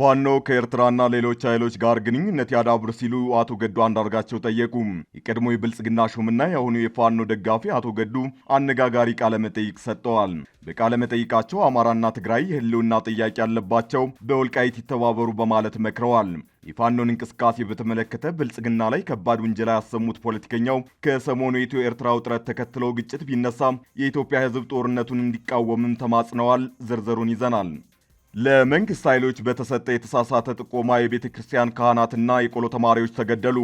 ፋኖ ከኤርትራና ሌሎች ኃይሎች ጋር ግንኙነት ያዳብር ሲሉ አቶ ገዱ አንዳርጋቸው ጠየቁ። የቀድሞ የብልጽግና ሹምና የአሁኑ የፋኖ ደጋፊ አቶ ገዱ አነጋጋሪ ቃለመጠይቅ ሰጥተዋል። መጠይቃቸው አማራና ትግራይ የህልውና ጥያቄ ያለባቸው በወልቃይት ይተባበሩ በማለት መክረዋል። የፋኖን እንቅስቃሴ በተመለከተ ብልጽግና ላይ ከባድ ውንጀላ ያሰሙት ፖለቲከኛው ከሰሞኑ የኢትዮ ኤርትራ ውጥረት ተከትለው ግጭት ቢነሳ የኢትዮጵያ ህዝብ ጦርነቱን እንዲቃወምም ተማጽነዋል። ዝርዝሩን ይዘናል። ለመንግስት ኃይሎች በተሰጠ የተሳሳተ ጥቆማ የቤተ ክርስቲያን ካህናትና የቆሎ ተማሪዎች ተገደሉ።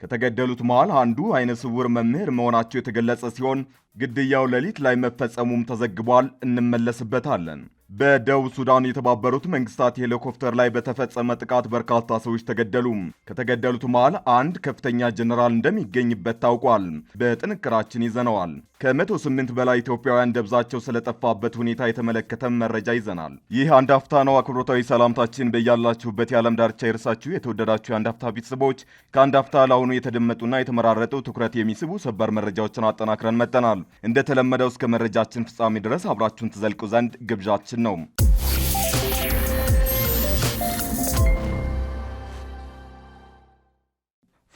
ከተገደሉት መሃል አንዱ አይነ ስውር መምህር መሆናቸው የተገለጸ ሲሆን ግድያው ሌሊት ላይ መፈጸሙም ተዘግቧል። እንመለስበታለን። በደቡብ ሱዳን የተባበሩት መንግስታት ሄሊኮፕተር ላይ በተፈጸመ ጥቃት በርካታ ሰዎች ተገደሉ። ከተገደሉት መሃል አንድ ከፍተኛ ጀኔራል እንደሚገኝበት ታውቋል። በጥንክራችን ይዘነዋል። ከመቶ ስምንት በላይ ኢትዮጵያውያን ደብዛቸው ስለጠፋበት ሁኔታ የተመለከተ መረጃ ይዘናል። ይህ አንድ አፍታ ነው። አክብሮታዊ ሰላምታችን በያላችሁበት የዓለም ዳርቻ ይርሳችሁ። የተወደዳችሁ የአንድ አፍታ ቤተሰቦች ከአንድ አፍታ ለአሁኑ የተደመጡና የተመራረጡ ትኩረት የሚስቡ ሰበር መረጃዎችን አጠናክረን መጠናል። እንደተለመደው እስከ መረጃችን ፍጻሜ ድረስ አብራችሁን ትዘልቁ ዘንድ ግብዣችን መረጃችን ነው።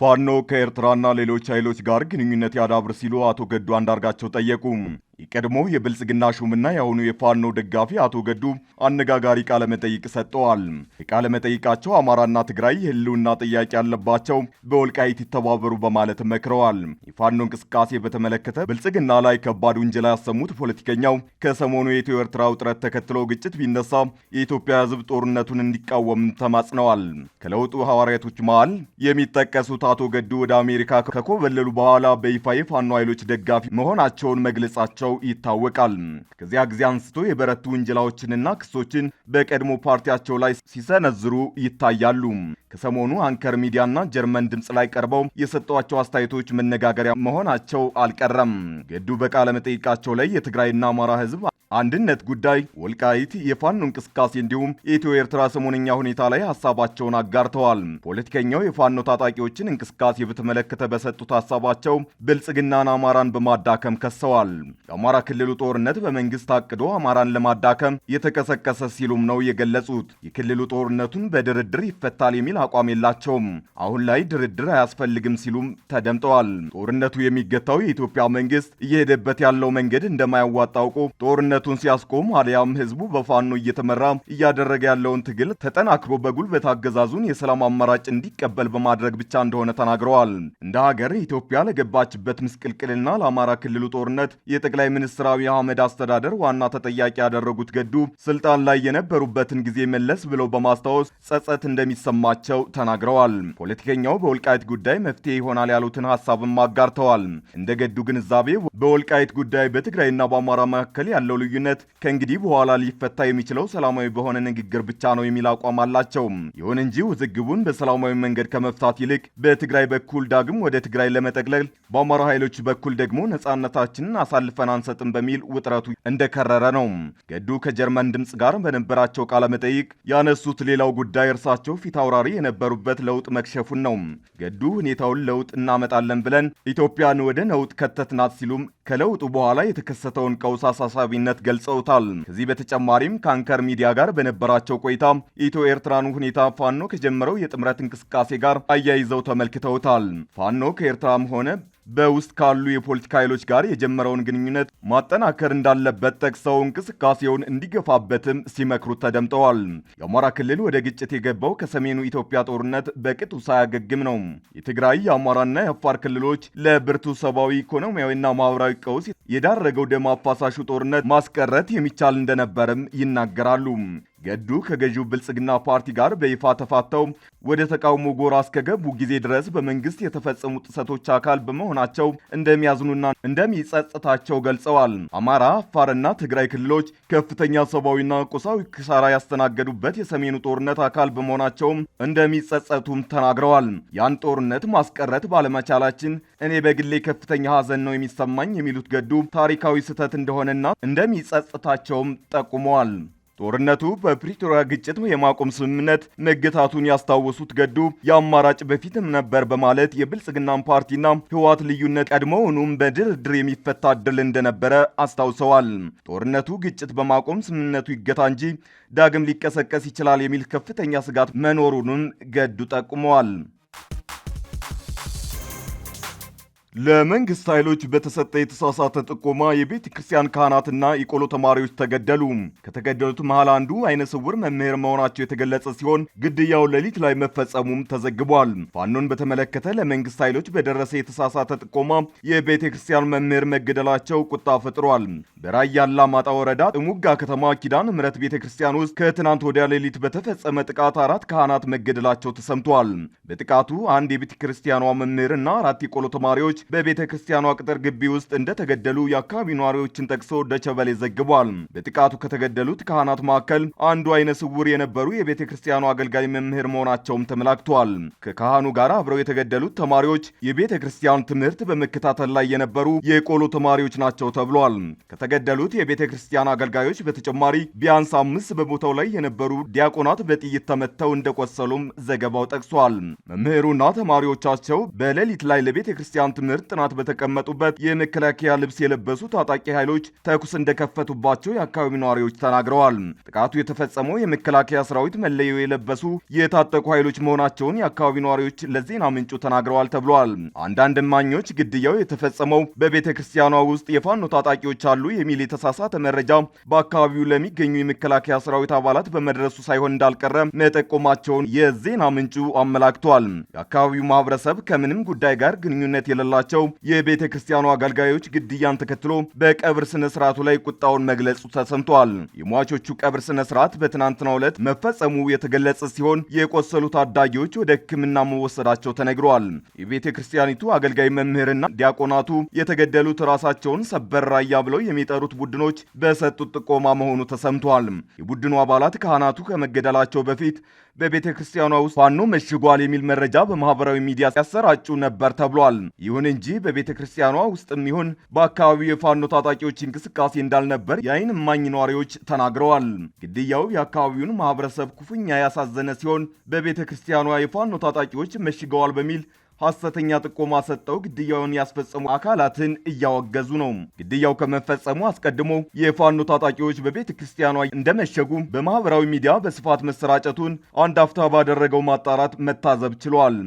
ፋኖ ከኤርትራና ሌሎች ኃይሎች ጋር ግንኙነት ያዳብር ሲሉ አቶ ገዱ አንዳርጋቸው ጠየቁ። የቀድሞ የብልጽግና ሹምና የአሁኑ የፋኖ ደጋፊ አቶ ገዱ አነጋጋሪ ቃለመጠይቅ ሰጥተዋል። የቃለመጠይቃቸው አማራና ትግራይ የህልውና ጥያቄ ያለባቸው በወልቃይት ይተባበሩ በማለት መክረዋል። የፋኖ እንቅስቃሴ በተመለከተ ብልጽግና ላይ ከባድ ውንጀላ ያሰሙት ፖለቲከኛው ከሰሞኑ የኢትዮ ኤርትራ ውጥረት ተከትሎ ግጭት ቢነሳ የኢትዮጵያ ህዝብ ጦርነቱን እንዲቃወም ተማጽነዋል። ከለውጡ ሐዋርያቶች መሃል የሚጠቀሱት አቶ ገዱ ወደ አሜሪካ ከኮበለሉ በኋላ በይፋ የፋኖ ኃይሎች ደጋፊ መሆናቸውን መግለጻቸው መሆናቸው ይታወቃል። ከዚያ ጊዜ አንስቶ የበረቱ ውንጀላዎችንና ክሶችን በቀድሞ ፓርቲያቸው ላይ ሲሰነዝሩ ይታያሉ። ከሰሞኑ አንከር ሚዲያና ጀርመን ድምፅ ላይ ቀርበው የሰጧቸው አስተያየቶች መነጋገሪያ መሆናቸው አልቀረም። ገዱ በቃለ መጠይቃቸው ላይ የትግራይና አማራ ህዝብ አንድነት ጉዳይ፣ ወልቃይት፣ የፋኖ እንቅስቃሴ እንዲሁም የኢትዮ ኤርትራ ሰሞንኛ ሁኔታ ላይ ሀሳባቸውን አጋርተዋል። ፖለቲከኛው የፋኖ ታጣቂዎችን እንቅስቃሴ በተመለከተ በሰጡት ሀሳባቸው ብልጽግናን አማራን በማዳከም ከሰዋል። የአማራ ክልሉ ጦርነት በመንግስት አቅዶ አማራን ለማዳከም የተቀሰቀሰ ሲሉም ነው የገለጹት። የክልሉ ጦርነቱን በድርድር ይፈታል የሚል አቋም የላቸውም። አሁን ላይ ድርድር አያስፈልግም ሲሉም ተደምጠዋል። ጦርነቱ የሚገታው የኢትዮጵያ መንግስት እየሄደበት ያለው መንገድ እንደማያዋጣ አውቆ ጦርነቱን ሲያስቆም አሊያም ህዝቡ በፋኖ እየተመራ እያደረገ ያለውን ትግል ተጠናክሮ በጉልበት አገዛዙን የሰላም አማራጭ እንዲቀበል በማድረግ ብቻ እንደሆነ ተናግረዋል። እንደ ሀገር ኢትዮጵያ ለገባችበት ምስቅልቅልና ለአማራ ክልሉ ጦርነት የጠቅላይ ሚኒስትር አብይ አህመድ አስተዳደር ዋና ተጠያቂ ያደረጉት ገዱ ስልጣን ላይ የነበሩበትን ጊዜ መለስ ብለው በማስታወስ ጸጸት እንደሚሰማቸው መሆናቸው ተናግረዋል። ፖለቲከኛው በወልቃይት ጉዳይ መፍትሄ ይሆናል ያሉትን ሀሳብም አጋርተዋል። እንደ ገዱ ግንዛቤ በወልቃይት ጉዳይ በትግራይና በአማራ መካከል ያለው ልዩነት ከእንግዲህ በኋላ ሊፈታ የሚችለው ሰላማዊ በሆነ ንግግር ብቻ ነው የሚል አቋም አላቸው። ይሁን እንጂ ውዝግቡን በሰላማዊ መንገድ ከመፍታት ይልቅ በትግራይ በኩል ዳግም ወደ ትግራይ ለመጠቅለል በአማራ ኃይሎች በኩል ደግሞ ነጻነታችንን አሳልፈን አንሰጥም በሚል ውጥረቱ እንደከረረ ነው። ገዱ ከጀርመን ድምፅ ጋር በነበራቸው ቃለ መጠይቅ ያነሱት ሌላው ጉዳይ እርሳቸው ፊት አውራሪ የነበሩበት ለውጥ መክሸፉን ነው። ገዱ ሁኔታውን ለውጥ እናመጣለን ብለን ኢትዮጵያን ወደ ነውጥ ከተትናት ሲሉም ከለውጡ በኋላ የተከሰተውን ቀውስ አሳሳቢነት ገልጸውታል። ከዚህ በተጨማሪም ከአንከር ሚዲያ ጋር በነበራቸው ቆይታ ኢትዮ ኤርትራን ሁኔታ ፋኖ ከጀመረው የጥምረት እንቅስቃሴ ጋር አያይዘው ተመልክተውታል። ፋኖ ከኤርትራም ሆነ በውስጥ ካሉ የፖለቲካ ኃይሎች ጋር የጀመረውን ግንኙነት ማጠናከር እንዳለበት ጠቅሰው እንቅስቃሴውን እንዲገፋበትም ሲመክሩ ተደምጠዋል። የአማራ ክልል ወደ ግጭት የገባው ከሰሜኑ ኢትዮጵያ ጦርነት በቅጡ ሳያገግም ነው። የትግራይ የአማራና የአፋር ክልሎች ለብርቱ ሰብአዊ፣ ኢኮኖሚያዊና ማህበራዊ ቀውስ የዳረገው ደም አፋሳሹ ጦርነት ማስቀረት የሚቻል እንደነበርም ይናገራሉ። ገዱ ከገዢው ብልጽግና ፓርቲ ጋር በይፋ ተፋተው ወደ ተቃውሞ ጎራ እስከገቡ ጊዜ ድረስ በመንግስት የተፈጸሙ ጥሰቶች አካል በመሆናቸው እንደሚያዝኑና እንደሚጸጽታቸው ገልጸዋል። አማራ፣ አፋርና ትግራይ ክልሎች ከፍተኛ ሰብአዊና ቁሳዊ ክሳራ ያስተናገዱበት የሰሜኑ ጦርነት አካል በመሆናቸውም እንደሚጸጸቱም ተናግረዋል። ያን ጦርነት ማስቀረት ባለመቻላችን እኔ በግሌ ከፍተኛ ሀዘን ነው የሚሰማኝ የሚሉት ገዱ ታሪካዊ ስህተት እንደሆነና እንደሚጸጽታቸውም ጠቁመዋል። ጦርነቱ በፕሪቶሪያ ግጭት የማቆም ስምምነት መገታቱን ያስታወሱት ገዱ የአማራጭ በፊትም ነበር በማለት የብልጽግናን ፓርቲና ህወሓት ልዩነት ቀድሞውኑም በድርድር የሚፈታ እድል እንደነበረ አስታውሰዋል። ጦርነቱ ግጭት በማቆም ስምምነቱ ይገታ እንጂ ዳግም ሊቀሰቀስ ይችላል የሚል ከፍተኛ ስጋት መኖሩንም ገዱ ጠቁመዋል። ለመንግስት ኃይሎች በተሰጠ የተሳሳተ ጥቆማ የቤተ ክርስቲያን ካህናትና የቆሎ ተማሪዎች ተገደሉ። ከተገደሉት መሃል አንዱ አይነ ስውር መምህር መሆናቸው የተገለጸ ሲሆን ግድያው ሌሊት ላይ መፈጸሙም ተዘግቧል። ፋኖን በተመለከተ ለመንግስት ኃይሎች በደረሰ የተሳሳተ ጥቆማ የቤተ ክርስቲያን መምህር መገደላቸው ቁጣ ፈጥሯል። በራያ አላማጣ ወረዳ ጥሙጋ ከተማ ኪዳን ምሕረት ቤተ ክርስቲያን ውስጥ ከትናንት ወዲያ ሌሊት በተፈጸመ ጥቃት አራት ካህናት መገደላቸው ተሰምቷል። በጥቃቱ አንድ የቤተ ክርስቲያኗ መምህር እና አራት የቆሎ ተማሪዎች ሰዎች በቤተ ክርስቲያኗ ቅጥር ግቢ ውስጥ እንደተገደሉ የአካባቢ ነዋሪዎችን ጠቅሶ ደቸበሌ ዘግቧል። በጥቃቱ ከተገደሉት ካህናት መካከል አንዱ አይነ ስውር የነበሩ የቤተ ክርስቲያኗ አገልጋይ መምህር መሆናቸውም ተመላክቷል። ከካህኑ ጋር አብረው የተገደሉት ተማሪዎች የቤተ ክርስቲያኑ ትምህርት በመከታተል ላይ የነበሩ የቆሎ ተማሪዎች ናቸው ተብሏል። ከተገደሉት የቤተ ክርስቲያን አገልጋዮች በተጨማሪ ቢያንስ አምስት በቦታው ላይ የነበሩ ዲያቆናት በጥይት ተመተው እንደቆሰሉም ዘገባው ጠቅሷል። መምህሩና ተማሪዎቻቸው በሌሊት ላይ ለቤተ ክርስቲያን ምርምር ጥናት በተቀመጡበት የመከላከያ ልብስ የለበሱ ታጣቂ ኃይሎች ተኩስ እንደከፈቱባቸው የአካባቢው ነዋሪዎች ተናግረዋል። ጥቃቱ የተፈጸመው የመከላከያ ሰራዊት መለዮ የለበሱ የታጠቁ ኃይሎች መሆናቸውን የአካባቢው ነዋሪዎች ለዜና ምንጩ ተናግረዋል ተብሏል። አንዳንድ እማኞች ግድያው የተፈጸመው በቤተ ክርስቲያኗ ውስጥ የፋኖ ታጣቂዎች አሉ የሚል የተሳሳተ መረጃ በአካባቢው ለሚገኙ የመከላከያ ሰራዊት አባላት በመድረሱ ሳይሆን እንዳልቀረ መጠቆማቸውን የዜና ምንጩ አመላክቷል። የአካባቢው ማህበረሰብ ከምንም ጉዳይ ጋር ግንኙነት የሌላ በመሆናቸው የቤተ ክርስቲያኑ አገልጋዮች ግድያን ተከትሎ በቀብር ስነ ስርዓቱ ላይ ቁጣውን መግለጹ ተሰምተዋል። የሟቾቹ ቀብር ስነ ስርዓት በትናንትናው ዕለት መፈጸሙ የተገለጸ ሲሆን የቆሰሉ ታዳጊዎች ወደ ሕክምና መወሰዳቸው ተነግረዋል። የቤተ ክርስቲያኒቱ አገልጋይ መምህርና ዲያቆናቱ የተገደሉት ራሳቸውን ሰበር ራያ ብለው የሚጠሩት ቡድኖች በሰጡት ጥቆማ መሆኑ ተሰምተዋል። የቡድኑ አባላት ካህናቱ ከመገደላቸው በፊት በቤተ ክርስቲያኗ ውስጥ ፋኖ መሽጓል የሚል መረጃ በማህበራዊ ሚዲያ ሲያሰራጩ ነበር ተብሏል። ይሁን እንጂ በቤተ ክርስቲያኗ ውስጥም ይሁን በአካባቢው የፋኖ ታጣቂዎች እንቅስቃሴ እንዳልነበር የአይን እማኝ ነዋሪዎች ተናግረዋል። ግድያው የአካባቢውን ማህበረሰብ ክፉኛ ያሳዘነ ሲሆን በቤተ ክርስቲያኗ የፋኖ ታጣቂዎች መሽገዋል በሚል ሐሰተኛ ጥቆማ ሰጠው ግድያውን ያስፈጸሙ አካላትን እያወገዙ ነው። ግድያው ከመፈጸሙ አስቀድሞ የፋኖ ታጣቂዎች በቤተ ክርስቲያኗ እንደመሸጉ በማህበራዊ ሚዲያ በስፋት መሰራጨቱን አንድ አፍታ ባደረገው ማጣራት መታዘብ ችሏል።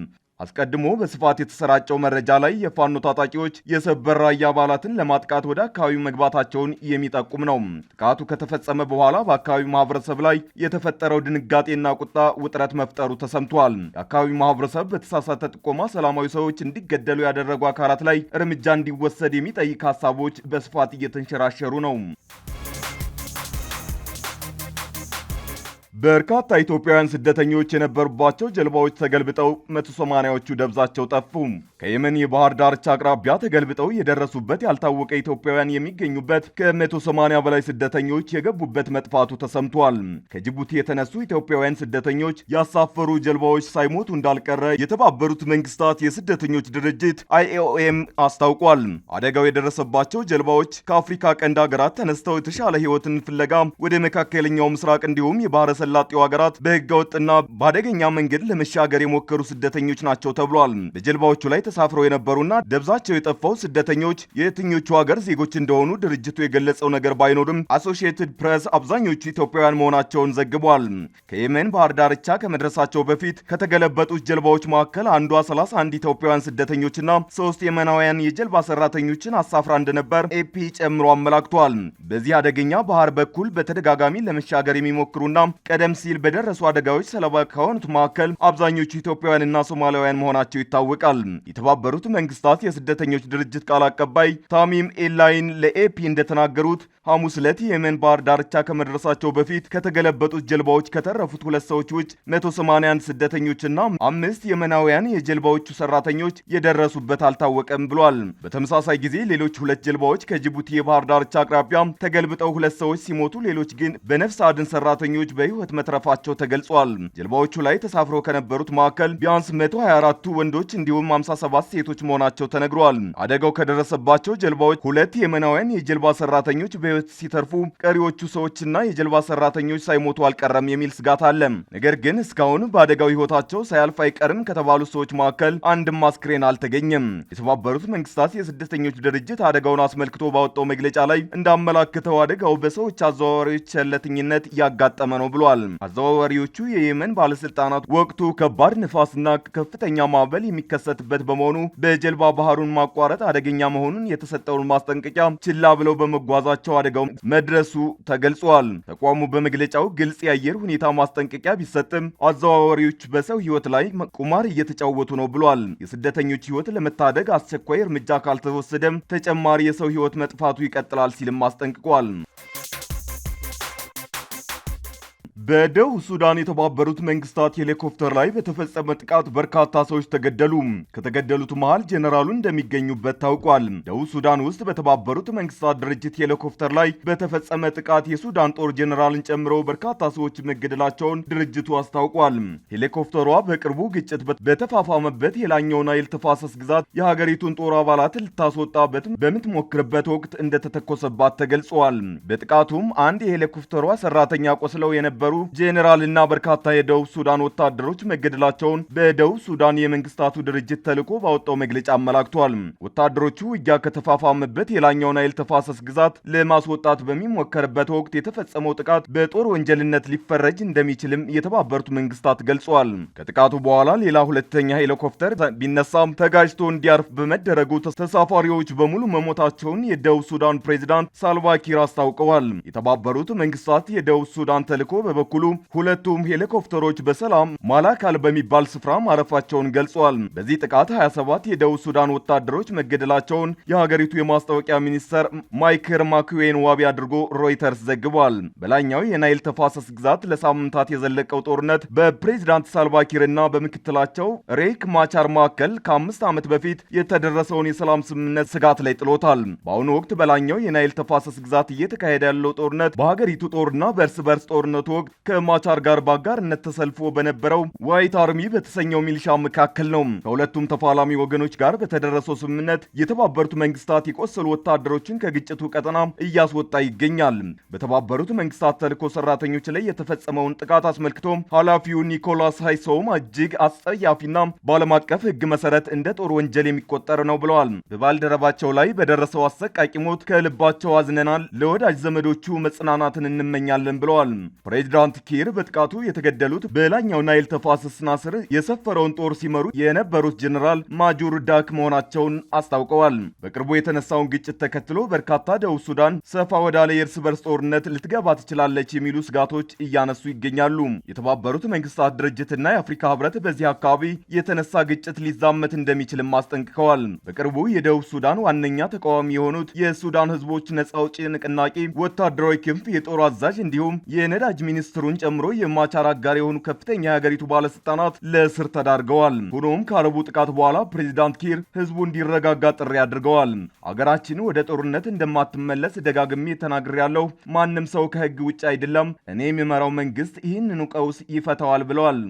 አስቀድሞ በስፋት የተሰራጨው መረጃ ላይ የፋኖ ታጣቂዎች የሰበር ራያ አባላትን ለማጥቃት ወደ አካባቢው መግባታቸውን የሚጠቁም ነው። ጥቃቱ ከተፈጸመ በኋላ በአካባቢው ማህበረሰብ ላይ የተፈጠረው ድንጋጤና ቁጣ ውጥረት መፍጠሩ ተሰምቷል። የአካባቢው ማህበረሰብ በተሳሳተ ጥቆማ ሰላማዊ ሰዎች እንዲገደሉ ያደረጉ አካላት ላይ እርምጃ እንዲወሰድ የሚጠይቅ ሀሳቦች በስፋት እየተንሸራሸሩ ነው። በርካታ ኢትዮጵያውያን ስደተኞች የነበሩባቸው ጀልባዎች ተገልብጠው መቶ ሰማንያዎቹ ደብዛቸው ጠፉ። ከየመን የባህር ዳርቻ አቅራቢያ ተገልብጠው የደረሱበት ያልታወቀ ኢትዮጵያውያን የሚገኙበት ከመቶ ሰማንያ በላይ ስደተኞች የገቡበት መጥፋቱ ተሰምቷል። ከጅቡቲ የተነሱ ኢትዮጵያውያን ስደተኞች ያሳፈሩ ጀልባዎች ሳይሞቱ እንዳልቀረ የተባበሩት መንግስታት የስደተኞች ድርጅት አይኦኤም አስታውቋል። አደጋው የደረሰባቸው ጀልባዎች ከአፍሪካ ቀንድ ሀገራት ተነስተው የተሻለ ህይወትን ፍለጋ ወደ መካከለኛው ምስራቅ እንዲሁም የባህረ ሰላጤው ሀገራት በህገ ወጥና በአደገኛ መንገድ ለመሻገር የሞከሩ ስደተኞች ናቸው ተብሏል። በጀልባዎቹ ላይ ተሳፍረው የነበሩና ደብዛቸው የጠፋው ስደተኞች የየትኞቹ ሀገር ዜጎች እንደሆኑ ድርጅቱ የገለጸው ነገር ባይኖርም አሶሺየትድ ፕሬስ አብዛኞቹ ኢትዮጵያውያን መሆናቸውን ዘግቧል። ከየመን ባህር ዳርቻ ከመድረሳቸው በፊት ከተገለበጡት ጀልባዎች መካከል አንዷ 31 ኢትዮጵያውያን ስደተኞችና ሶስት የመናውያን የጀልባ ሰራተኞችን አሳፍራ እንደነበር ኤፒ ጨምሮ አመላክቷል። በዚህ አደገኛ ባህር በኩል በተደጋጋሚ ለመሻገር የሚሞክሩና ቀደም ሲል በደረሱ አደጋዎች ሰለባ ከሆኑት መካከል አብዛኞቹ ኢትዮጵያውያንና ሶማሊያውያን መሆናቸው ይታወቃል። የተባበሩት መንግስታት የስደተኞች ድርጅት ቃል አቀባይ ታሚም ኤላይን ለኤፒ እንደተናገሩት ሐሙስ ዕለት የየመን ባህር ዳርቻ ከመድረሳቸው በፊት ከተገለበጡት ጀልባዎች ከተረፉት ሁለት ሰዎች ውጭ 181 ስደተኞችና አምስት የመናውያን የጀልባዎቹ ሰራተኞች የደረሱበት አልታወቀም ብሏል። በተመሳሳይ ጊዜ ሌሎች ሁለት ጀልባዎች ከጅቡቲ የባህር ዳርቻ አቅራቢያ ተገልብጠው ሁለት ሰዎች ሲሞቱ ሌሎች ግን በነፍስ አድን ሰራተኞች በህይወት ሕይወት መትረፋቸው ተገልጿል። ጀልባዎቹ ላይ ተሳፍረው ከነበሩት መካከል ቢያንስ 124ቱ ወንዶች እንዲሁም 57 ሴቶች መሆናቸው ተነግሯል። አደጋው ከደረሰባቸው ጀልባዎች ሁለት የመናውያን የጀልባ ሰራተኞች በሕይወት ሲተርፉ ቀሪዎቹ ሰዎችና የጀልባ ሰራተኞች ሳይሞቱ አልቀረም የሚል ስጋት አለ። ነገር ግን እስካሁን በአደጋው ሕይወታቸው ሳያልፍ አይቀርም ከተባሉ ሰዎች መካከል አንድም አስክሬን አልተገኘም። የተባበሩት መንግስታት የስደተኞች ድርጅት አደጋውን አስመልክቶ ባወጣው መግለጫ ላይ እንዳመላክተው አደጋው በሰዎች አዘዋዋሪዎች ቸለተኝነት እያጋጠመ ነው ብሏል። ተናግረዋል። አዘዋዋሪዎቹ የየመን ባለስልጣናት ወቅቱ ከባድ ንፋስና ከፍተኛ ማዕበል የሚከሰትበት በመሆኑ በጀልባ ባህሩን ማቋረጥ አደገኛ መሆኑን የተሰጠውን ማስጠንቀቂያ ችላ ብለው በመጓዛቸው አደጋው መድረሱ ተገልጿል። ተቋሙ በመግለጫው ግልጽ የአየር ሁኔታ ማስጠንቀቂያ ቢሰጥም አዘዋዋሪዎች በሰው ሕይወት ላይ ቁማር እየተጫወቱ ነው ብሏል። የስደተኞች ሕይወት ለመታደግ አስቸኳይ እርምጃ ካልተወሰደም ተጨማሪ የሰው ሕይወት መጥፋቱ ይቀጥላል ሲልም አስጠንቅቋል። በደቡብ ሱዳን የተባበሩት መንግስታት ሄሊኮፕተር ላይ በተፈጸመ ጥቃት በርካታ ሰዎች ተገደሉ። ከተገደሉት መሃል ጄኔራሉ እንደሚገኙበት ታውቋል። ደቡብ ሱዳን ውስጥ በተባበሩት መንግስታት ድርጅት ሄሊኮፕተር ላይ በተፈጸመ ጥቃት የሱዳን ጦር ጄኔራልን ጨምሮ በርካታ ሰዎች መገደላቸውን ድርጅቱ አስታውቋል። ሄሊኮፕተሯ በቅርቡ ግጭት በተፋፋመበት የላይኛው ናይል ተፋሰስ ግዛት የሀገሪቱን ጦር አባላት ልታስወጣበት በምትሞክርበት ወቅት እንደተተኮሰባት ተገልጿል። በጥቃቱም አንድ የሄሊኮፕተሯ ሰራተኛ ቆስለው የነበሩ የነበሩ እና በርካታ የደቡብ ሱዳን ወታደሮች መገደላቸውን በደቡብ ሱዳን የመንግስታቱ ድርጅት ተልዕኮ ባወጣው መግለጫ አመላክቷል። ወታደሮቹ ውጊያ ከተፋፋመበት የላኛው ናይል ተፋሰስ ግዛት ለማስወጣት በሚሞከርበት ወቅት የተፈጸመው ጥቃት በጦር ወንጀልነት ሊፈረጅ እንደሚችልም የተባበሩት መንግስታት ገልጿል። ከጥቃቱ በኋላ ሌላ ሁለተኛ ሄሊኮፕተር ቢነሳም ተጋጅቶ እንዲያርፍ በመደረጉ ተሳፋሪዎች በሙሉ መሞታቸውን የደቡብ ሱዳን ፕሬዚዳንት ሳልቫኪር አስታውቀዋል። የተባበሩት መንግስታት የደቡብ ሱዳን ተልዕኮ በበኩሉ ሁለቱም ሄሊኮፕተሮች በሰላም ማላካል በሚባል ስፍራ ማረፋቸውን ገልጿል። በዚህ ጥቃት 27 የደቡብ ሱዳን ወታደሮች መገደላቸውን የሀገሪቱ የማስታወቂያ ሚኒስተር ማይክር ማክዌን ዋቢ አድርጎ ሮይተርስ ዘግቧል። በላይኛው የናይል ተፋሰስ ግዛት ለሳምንታት የዘለቀው ጦርነት በፕሬዚዳንት ሳልቫኪር እና በምክትላቸው ሬክ ማቻር መካከል ከአምስት ዓመት በፊት የተደረሰውን የሰላም ስምምነት ስጋት ላይ ጥሎታል። በአሁኑ ወቅት በላይኛው የናይል ተፋሰስ ግዛት እየተካሄደ ያለው ጦርነት በሀገሪቱ ጦርና በእርስ በርስ ጦርነቱ ወቅት ከማቻር ጋር በአጋርነት ተሰልፎ በነበረው ዋይት አርሚ በተሰኘው ሚሊሻ መካከል ነው። ከሁለቱም ተፋላሚ ወገኖች ጋር በተደረሰው ስምምነት የተባበሩት መንግስታት የቆሰሉ ወታደሮችን ከግጭቱ ቀጠና እያስወጣ ይገኛል። በተባበሩት መንግስታት ተልእኮ ሰራተኞች ላይ የተፈጸመውን ጥቃት አስመልክቶ ኃላፊው ኒኮላስ ሃይሶም እጅግ አስጸያፊና በዓለም አቀፍ ህግ መሰረት እንደ ጦር ወንጀል የሚቆጠር ነው ብለዋል። በባልደረባቸው ላይ በደረሰው አሰቃቂ ሞት ከልባቸው አዝነናል፣ ለወዳጅ ዘመዶቹ መጽናናትን እንመኛለን ብለዋል። ግራንት ኬር በጥቃቱ የተገደሉት በላይኛው ናይል ተፋሰስ ስር የሰፈረውን ጦር ሲመሩ የነበሩት ጀኔራል ማጆር ዳክ መሆናቸውን አስታውቀዋል። በቅርቡ የተነሳውን ግጭት ተከትሎ በርካታ ደቡብ ሱዳን ሰፋ ወዳለ የእርስ በርስ ጦርነት ልትገባ ትችላለች የሚሉ ስጋቶች እያነሱ ይገኛሉ። የተባበሩት መንግስታት ድርጅትና የአፍሪካ ህብረት በዚህ አካባቢ የተነሳ ግጭት ሊዛመት እንደሚችልም አስጠንቅቀዋል። በቅርቡ የደቡብ ሱዳን ዋነኛ ተቃዋሚ የሆኑት የሱዳን ህዝቦች ነጻ አውጪ ንቅናቄ ወታደራዊ ክንፍ የጦር አዛዥ እንዲሁም የነዳጅ ሚኒስ ሚኒስትሩን ጨምሮ የማቻር አጋር የሆኑ ከፍተኛ የሀገሪቱ ባለስልጣናት ለእስር ተዳርገዋል። ሆኖም ከአረቡ ጥቃት በኋላ ፕሬዚዳንት ኪር ህዝቡ እንዲረጋጋ ጥሪ አድርገዋል። አገራችን ወደ ጦርነት እንደማትመለስ ደጋግሜ ተናግሬያለሁ። ማንም ሰው ከህግ ውጭ አይደለም። እኔ የሚመራው መንግስት ይህንኑ ቀውስ ይፈተዋል ብለዋል።